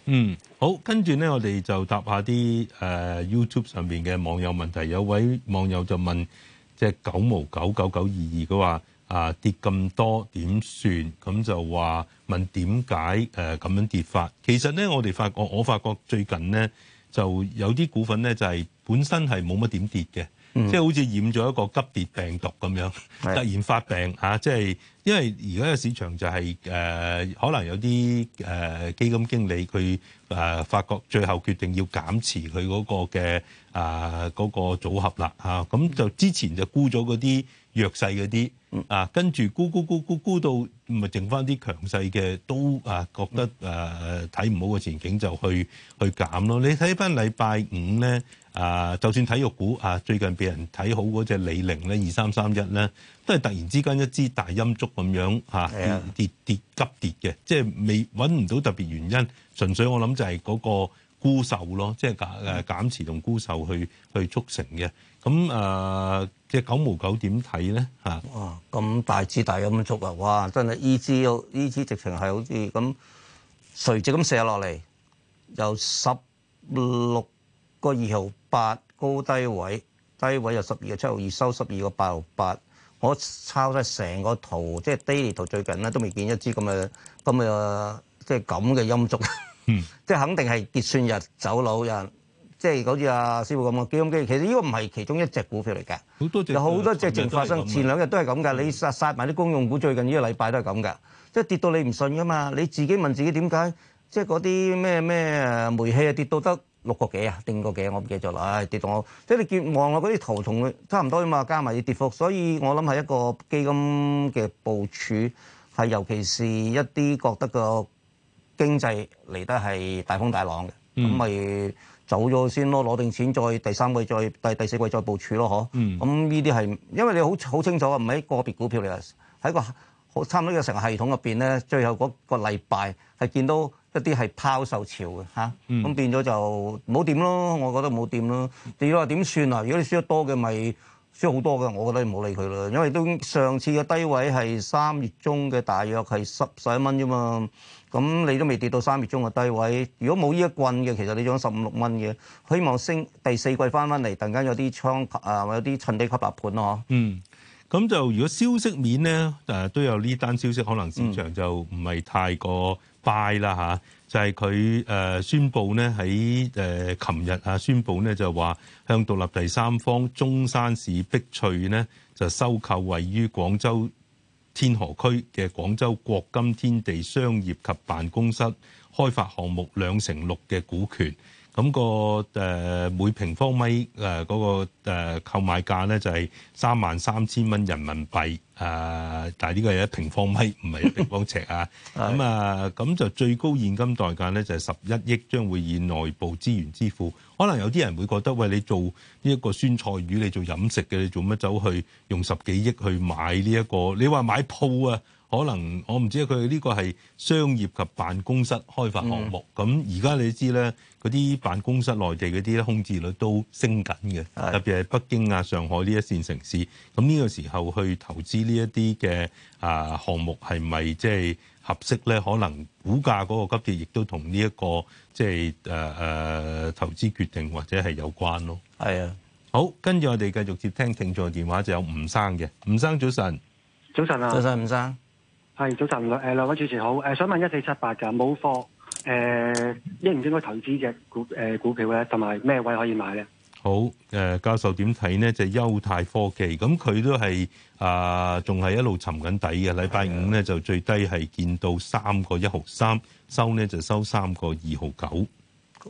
嗯，好，跟住咧，我哋就答下啲誒、uh, YouTube 上邊嘅網友問題。有位網友就問，即係九毛九九九二二，佢話啊跌咁多點算？咁就話問點解誒咁樣跌法？其實咧，我哋發覺，我發覺最近咧，就有啲股份咧，就係、是、本身係冇乜點跌嘅，嗯、即係好似染咗一個急跌病毒咁樣，是的 突然發病嚇，即、啊、係、就是、因為而家嘅市場就係、是、誒、呃，可能有啲誒、呃、基金經理佢誒、呃、發覺最後決定要減持佢嗰個嘅啊嗰個組合啦嚇，咁、啊、就之前就沽咗嗰啲弱勢嗰啲。嗯、啊，跟住沽沽沽沽沽到，咪剩翻啲強勢嘅都啊，覺得啊睇唔好個前景就去去減咯。你睇翻禮拜五咧啊，就算體育股啊，最近被人睇好嗰隻李寧咧二三三一咧，都係突然之間一支大陰燭咁樣嚇、啊、跌跌跌急跌嘅，即係未揾唔到特別原因，純粹我諗就係嗰、嗰個。沽售咯，即係減誒減持同沽售去去促成嘅。咁誒，隻九毛九點睇咧嚇。久久呢哇！咁大支大陰燭啊！哇！真係呢支又呢支直情係好似咁垂直咁射落嚟，由十六個二號八高低位，低位又十二個七號二收十二個八號八。我抄曬成個圖，即係 daily 圖最近咧都未見一支咁嘅咁嘅即係咁嘅陰燭。嗯、即係肯定係結算日走佬，人，即係好似阿師傅咁嘅基金，其實呢個唔係其中一隻股票嚟嘅，有好多隻正發生，前兩日都係咁㗎，嗯、你殺殺埋啲公用股，最近呢個禮拜都係咁㗎，即係跌到你唔信㗎嘛，你自己問自己點解？即係嗰啲咩咩誒煤氣啊跌到得六個幾啊，定個幾啊，我唔記得咗啦、哎，跌到我，即係你絕望啦，嗰啲圖同佢差唔多啊嘛，加埋要跌幅，所以我諗係一個基金嘅部署係，尤其是一啲覺得個。經濟嚟得係大風大浪嘅，咁咪、嗯、走咗先咯，攞定錢再第三季再第第四季再部署咯，嗬、嗯。咁呢啲係因為你好好清楚啊，唔係個別股票嚟，喺個差唔多一個成個系統入邊咧，最後嗰個禮拜係見到一啲係拋售潮嘅嚇，咁、嗯啊、變咗就冇掂咯。我覺得冇掂咯。你話點算啊？如果你輸得多嘅，咪輸好多嘅。我覺得唔好理佢啦，因為都上次嘅低位係三月中嘅，大約係十十一蚊啫嘛。咁你都未跌到三月中嘅低位，如果冇呢一棍嘅，其實你將十五六蚊嘅，希望升第四季翻翻嚟，突然間有啲倉啊，有啲趁地吸立盤咯。嗯，咁就如果消息面咧，誒都有呢單消息，可能市場就唔係太過快啦嚇，嗯，就係佢誒宣布咧喺誒琴日啊，宣布咧就話向獨立第三方中山市碧翠咧就收購位於廣州天河區嘅廣州國金天地商業及辦公室開發項目兩成六嘅股權。咁個誒每平方米誒嗰個誒購買價咧就係三萬三千蚊人民幣誒，但係呢個係一平方米，唔係一平方尺啊。咁啊，咁就最高現金代價咧就係十一億，將會以內部資源支付。可能有啲人會覺得，喂，你做呢一個酸菜魚，你做飲食嘅，你做乜走去用十幾億去買呢一個？你話買鋪啊？可能我唔知，佢呢個係商業及辦公室開發項目。咁而家你知咧，嗰啲辦公室內地嗰啲咧空置率都升緊嘅。的特別係北京啊、上海呢一線城市。咁呢個時候去投資呢一啲嘅啊項目係咪即係合適咧？可能股價嗰個急跌亦都同呢一個即係誒誒投資決定或者係有關咯。係啊的，好，跟住我哋繼續接聽聽眾嘅電話，就有吳生嘅。吳生早晨，早晨啊，早晨吳生。係早晨，兩誒兩位主持好誒，想問一四七八嘅冇貨誒，應唔應該投資隻股誒股票咧？同埋咩位可以買咧？好誒，教授點睇咧？就係優泰科技咁，佢都係啊，仲係一路沉緊底嘅。禮拜五咧就最低係見到三個一毫三，收咧就收三個二毫九。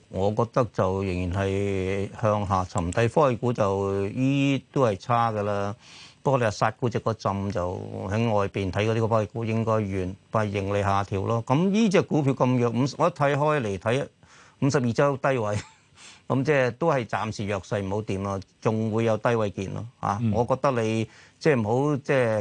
我覺得就仍然係向下沉低，科技股就依都係差㗎啦。不過你話殺股值個浸就喺外邊睇嗰啲個科技股應該完，但、就、係、是、盈利下調咯。咁呢隻股票咁弱，五我一睇開嚟睇五十二周低位，咁即係都係暫時弱勢唔好掂咯，仲會有低位見咯嚇。嗯、我覺得你即係唔好即係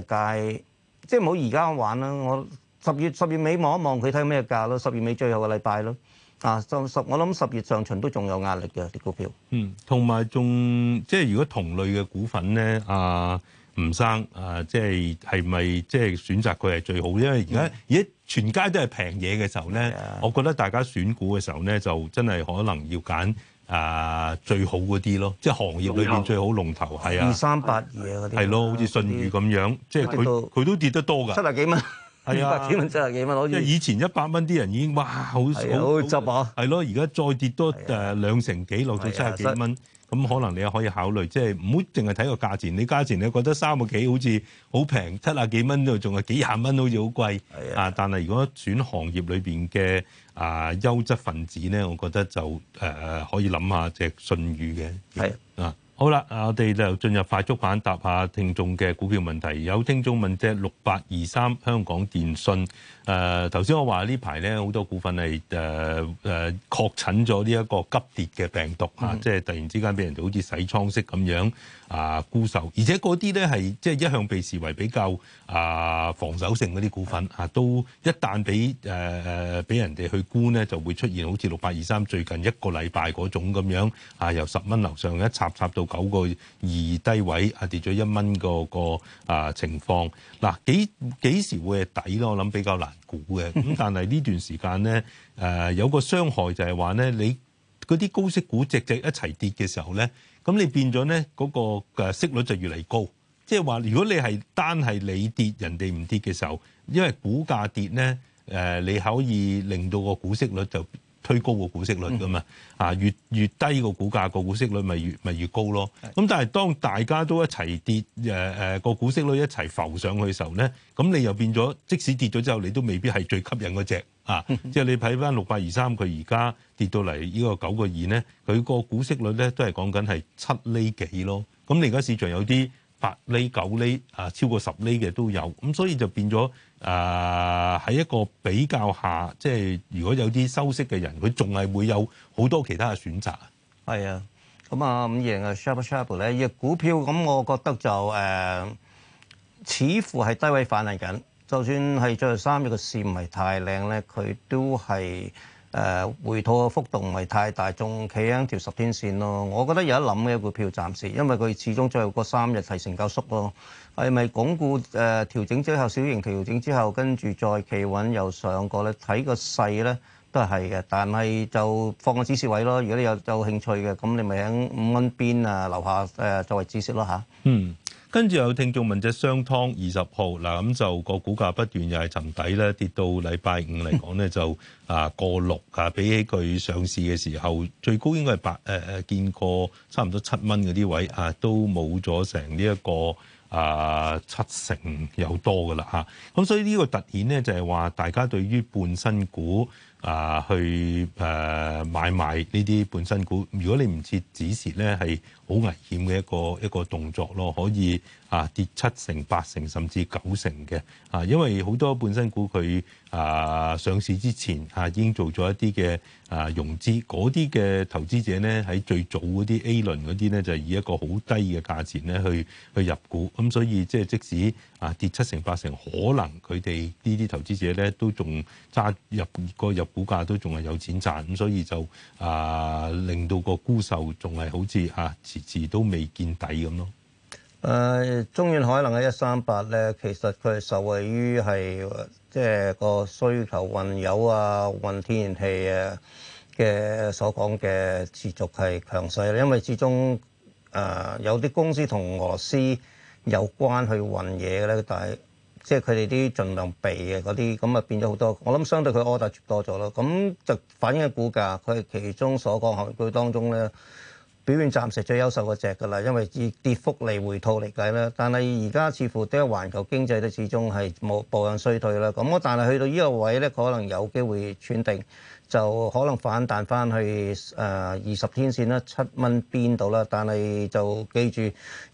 介，即係唔好而家玩啦。我十月十月尾望一望佢睇咩價咯，十月尾最後個禮拜咯。啊，十我諗十月上旬都仲有壓力嘅啲、這個、股票。嗯，同埋仲即係如果同類嘅股份咧，啊。吳生啊，即係係咪即係選擇佢係最好？因為而家而家全街都係平嘢嘅時候咧，我覺得大家選股嘅時候咧，就真係可能要揀啊最好嗰啲咯，即係行業裏面最好龍頭係啊，二三八二嗰啲，係咯，好似舜宇咁樣，即係佢佢都跌得多㗎，七十幾蚊，百幾蚊，七十幾蚊，好似即係以前一百蚊啲人已經哇好少執啊，係咯，而家再跌多誒兩成幾落到七十幾蚊。咁可能你又可以考慮，即係唔好淨係睇個價錢。你價錢你覺得三個幾好似好平，七啊幾蚊都仲係幾廿蚊好似好貴。的啊，但係如果轉行業裏邊嘅啊優質分子咧，我覺得就誒、呃、可以諗下隻信譽嘅係啊。好啦，我哋就進入快速版答下聽眾嘅股票問題。有聽眾問隻六八二三香港電訊，誒頭先我話呢排咧好多股份係誒誒確診咗呢一個急跌嘅病毒嚇、啊，即係突然之間俾人哋好似洗倉式咁樣。啊，沽售，而且嗰啲咧係即係一向被視為比較啊防守性嗰啲股份啊，都一旦俾誒誒俾人哋去沽咧，就會出現好似六八二三最近一個禮拜嗰種咁樣啊，由十蚊樓上一插插到九個二低位，啊，跌咗一蚊個個啊情況。嗱、啊，幾幾時會係底咯，我諗比較難估嘅。咁但係呢段時間咧，誒、啊、有個傷害就係話咧，你嗰啲高息股隻只一齊跌嘅時候咧，咁你變咗咧，嗰個嘅息率就越嚟越高。即係話，如果你係單係你跌，人哋唔跌嘅時候，因為股價跌咧，誒你可以令到個股息率就推高個股息率㗎嘛，啊越越低個股價個股息率咪越咪越高咯。咁、啊、但係當大家都一齊跌誒誒個股息率一齊浮上去嘅時候咧，咁、啊、你又變咗，即使跌咗之後，你都未必係最吸引嗰隻啊。啊啊即係你睇翻六八二三，佢而家跌到嚟呢個九個二咧，佢個股息率咧都係講緊係七厘幾咯。咁你而家市場有啲八厘、九厘、啊，超過十厘嘅都有，咁所以就變咗。誒喺、uh, 一個比較下，即、就、係、是、如果有啲收息嘅人，佢仲係會有好多其他嘅選擇。係啊，咁 啊，五贏啊 s h a r p s h a r p 咧，股票咁，我覺得就誒，似乎係低位反彈緊。就算係最後三日嘅市唔係太靚咧，佢都係。誒回吐嘅幅度唔係太大，仲企喺條十天線咯。我覺得有得諗嘅一隻股票，暫時因為佢始終最後嗰三日提成夠縮咯。係咪鞏固誒調整之後，小型調整之後，跟住再企穩又上過咧？睇個勢咧都係嘅，但係就放個止蝕位咯。如果你有有興趣嘅，咁你咪喺五蚊邊啊留下誒、呃、作為止蝕咯嚇。嗯。跟住有聽眾問隻商湯二十號，嗱，咁就個股價不斷又係沉底咧，跌到禮拜五嚟講咧就啊過六啊，比起佢上市嘅時候最高應該係八、呃，誒誒見過差唔多七蚊嗰啲位啊，都冇咗成呢一個啊、呃、七成有多嘅啦嚇，咁所以呢個突顯咧就係話大家對於半新股。啊，去誒、啊、買賣呢啲半新股，如果你唔設止蝕咧，係好危險嘅一個一個動作咯，可以啊跌七成、八成甚至九成嘅啊，因為好多半新股佢啊上市之前啊已經做咗一啲嘅啊融資，嗰啲嘅投資者咧喺最早嗰啲 A 輪嗰啲咧就係以一個好低嘅價錢咧去去入股，咁所以即係即使啊跌七成八成，可能佢哋呢啲投資者咧都仲揸入個入。股價都仲係有錢賺，咁所以就啊、呃、令到個沽售仲係好似啊遲遲都未見底咁咯。誒、呃、中遠海能嘅一三八咧，其實佢係受惠於係即係個需求運油啊、運天然氣誒嘅所講嘅持續係強勢，啦，因為始終誒、呃、有啲公司同俄羅斯有關去運嘢嘅咧，但係。即係佢哋啲儘量避嘅嗰啲，咁啊變咗好多。我諗相對佢 order 接多咗咯，咁就反映嘅股價，佢係其中所講行業當中咧，表現暫時最優秀嘅隻㗎啦，因為以跌幅嚟回吐嚟計啦。但係而家似乎啲環球經濟都始終係冇步向衰退啦。咁我但係去到呢個位咧，可能有機會穿定，就可能反彈翻去誒二十天線啦，七蚊邊度啦。但係就記住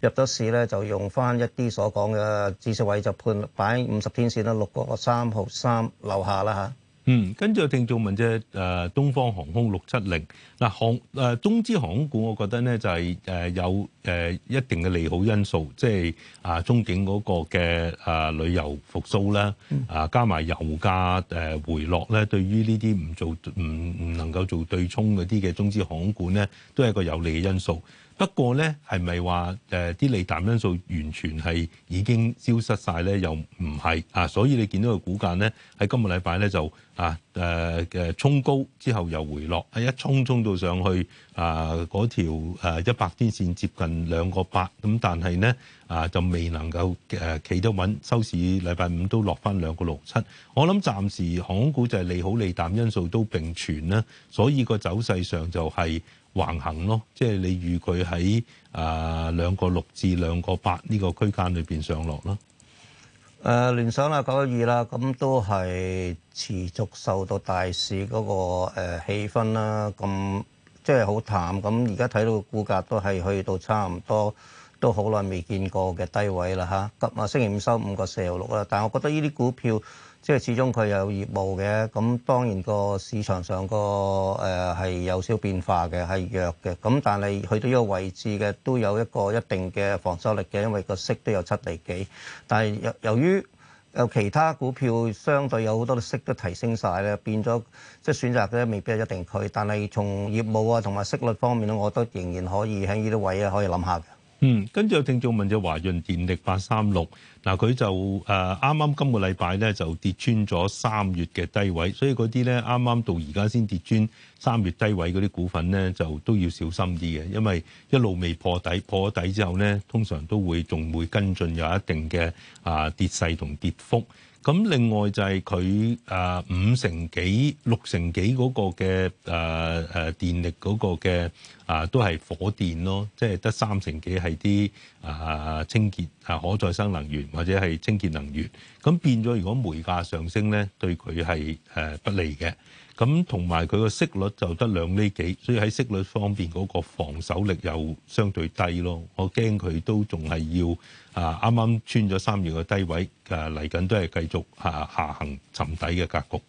入咗市咧，就用翻一啲所講嘅止蝕位就判擺五十天線啦，六個三號三樓下啦嚇。嗯，跟住有聽眾問即誒、啊、東方航空六七零嗱航誒、啊、中資航空股，我覺得咧就係誒有誒一定嘅利好因素，即係啊中景嗰個嘅啊旅遊復甦啦，啊加埋油價誒、啊、回落咧，對於呢啲唔做唔唔能夠做對沖嗰啲嘅中資航空股咧，都係一個有利嘅因素。不過咧，係咪話誒啲利淡因素完全係已經消失晒咧？又唔係啊，所以你見到個股價咧喺今個禮拜咧就啊誒嘅衝高之後又回落，一衝衝到上去啊嗰條一百天線接近兩個八，咁但係咧啊就未能夠誒企得穩，收市禮拜五都落翻兩個六七。我諗暫時航空股就係利好利淡因素都並存啦，所以個走勢上就係、是。橫行咯，即係你預佢喺啊兩個六至兩個八呢個區間裏邊上落啦。誒，聯想啦，九一二啦，咁都係持續受到大市嗰、那個誒、呃、氣氛啦，咁即係好淡。咁而家睇到個股價都係去到差唔多，都好耐未見過嘅低位啦嚇。今、啊、日星期五收五個四毫六啦，但係我覺得呢啲股票。即係始終佢有業務嘅，咁當然個市場上個誒係、呃、有少變化嘅，係弱嘅。咁但係去到呢個位置嘅，都有一個一定嘅防守力嘅，因為個息都有七厘幾。但係由由於有其他股票相對有好多息都提升晒，咧，變咗即係選擇嘅未必係一定佢。但係從業務啊同埋息率方面咧，我都仍然可以喺呢啲位啊可以諗下嘅。嗯，跟住有聽眾問就華潤電力八三六，嗱佢就誒啱啱今個禮拜咧就跌穿咗三月嘅低位，所以嗰啲咧啱啱到而家先跌穿三月低位嗰啲股份咧，就都要小心啲嘅，因為一路未破底，破咗底之後咧，通常都會仲會跟進有一定嘅啊、呃、跌勢同跌幅。咁另外就係佢誒五成幾六成幾嗰個嘅誒誒電力嗰個嘅啊都係火電咯，即係得三成幾係啲啊清潔啊可再生能源或者係清潔能源。咁變咗如果煤價上升咧，對佢係誒不利嘅。咁同埋佢個息率就得兩厘幾，所以喺息率方面嗰個防守力又相對低咯。我驚佢都仲係要啊，啱啱穿咗三月嘅低位，誒嚟緊都係繼續啊下行沉底嘅格局。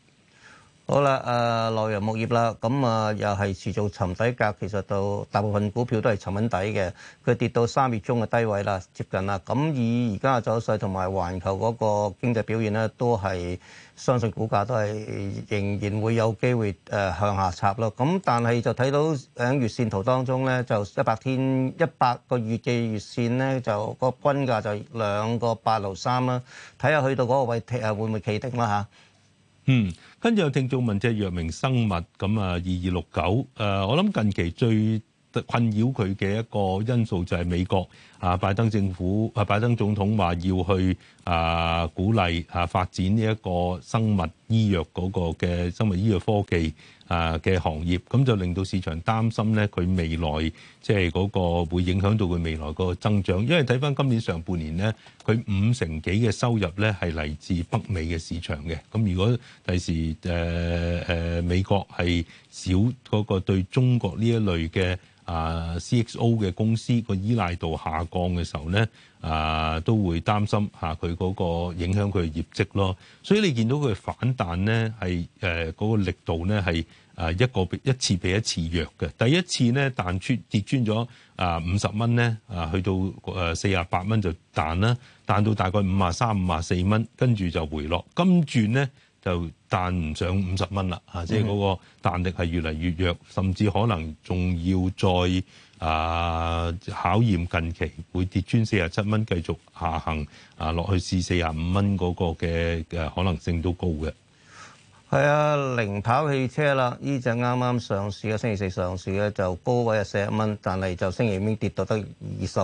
好啦，誒，內容木業啦，咁、嗯、啊，又係持續沉底價，其實到大部分股票都係沉穩底嘅，佢跌到三月中嘅低位啦，接近啦。咁、嗯、以而家走勢同埋環球嗰個經濟表現咧，都係相信股價都係仍然會有機會誒向下插咯。咁、嗯、但係就睇到喺月線圖當中咧，就一百天一百個月記月線咧，就、個均價就兩個八六三啦。睇下去到嗰個位踢下會唔會企定啦嚇。嗯，跟住有聽眾問，即係藥明生物咁啊，二二六九，誒，我諗近期最困擾佢嘅一個因素就係美國。啊，拜登政府啊，拜登總統話要去啊，鼓勵啊發展，呢一個生物醫藥嗰個嘅生物醫藥科技啊嘅行業，咁就令到市場擔心咧，佢未來即係嗰個會影響到佢未來個增長，因為睇翻今年上半年咧，佢五成幾嘅收入咧係嚟自北美嘅市場嘅。咁如果第時誒誒、呃呃、美國係少嗰個對中國呢一類嘅啊、呃、CXO 嘅公司個依賴度下。降嘅時候咧，啊都會擔心嚇佢嗰個影響佢嘅業績咯，所以你見到佢反彈咧，係誒嗰個力度咧係啊一個比一次比一次弱嘅。第一次咧彈出跌穿咗啊五十蚊咧啊，去到誒四十八蚊就彈啦，彈到大概五十三五十四蚊，跟住就回落，跟轉咧。就彈唔上五十蚊啦，啊，即係嗰個彈力係越嚟越弱，甚至可能仲要再啊、呃、考驗近期會跌穿四十七蚊，繼續下行啊落去試四十五蚊嗰個嘅嘅可能性都高嘅。係啊，零跑汽車啦，依隻啱啱上市啊，星期四上市咧就高位啊四十蚊，但係就星期五跌到得二十。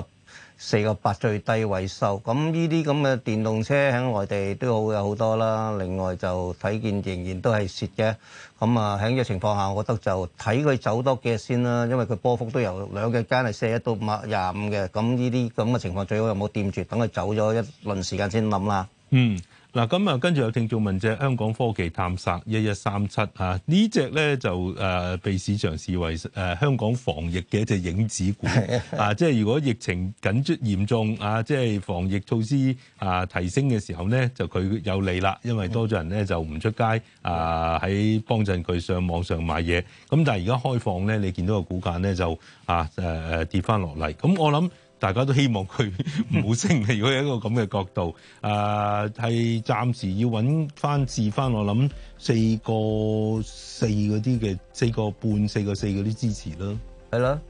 四個八最低維修，咁呢啲咁嘅電動車喺外地都好有好多啦。另外就睇見仍然都係蝕嘅。咁啊喺呢個情況下，我覺得就睇佢走多幾日先啦。因為佢波幅都由兩隻間係四一到五啊廿五嘅，咁呢啲咁嘅情況最好有冇掂住，等佢走咗一輪時間先諗啦。嗯。嗱，咁啊，跟住有聽眾問隻香港科技探索一一三七啊，呢隻咧就誒、呃、被市場視為誒香港防疫嘅一隻影子股 啊，即係如果疫情緊張嚴重啊，即係防疫措施啊提升嘅時候咧，就佢有利啦，因為多咗人咧就唔出街啊，喺幫襯佢上網上買嘢。咁、啊、但係而家開放咧，你見到個股價咧就啊誒、啊、跌翻落嚟。咁我諗。大家都希望佢唔好升，如果係一個咁嘅角度，啊、 呃，係暫時要揾翻治翻。我諗四個四啲嘅，四個半、四個四嗰啲支持咯，係啦的。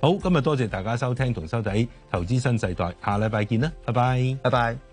好，今日多謝大家收聽同收睇《投資新世代》，下禮拜見啦，拜拜，拜拜。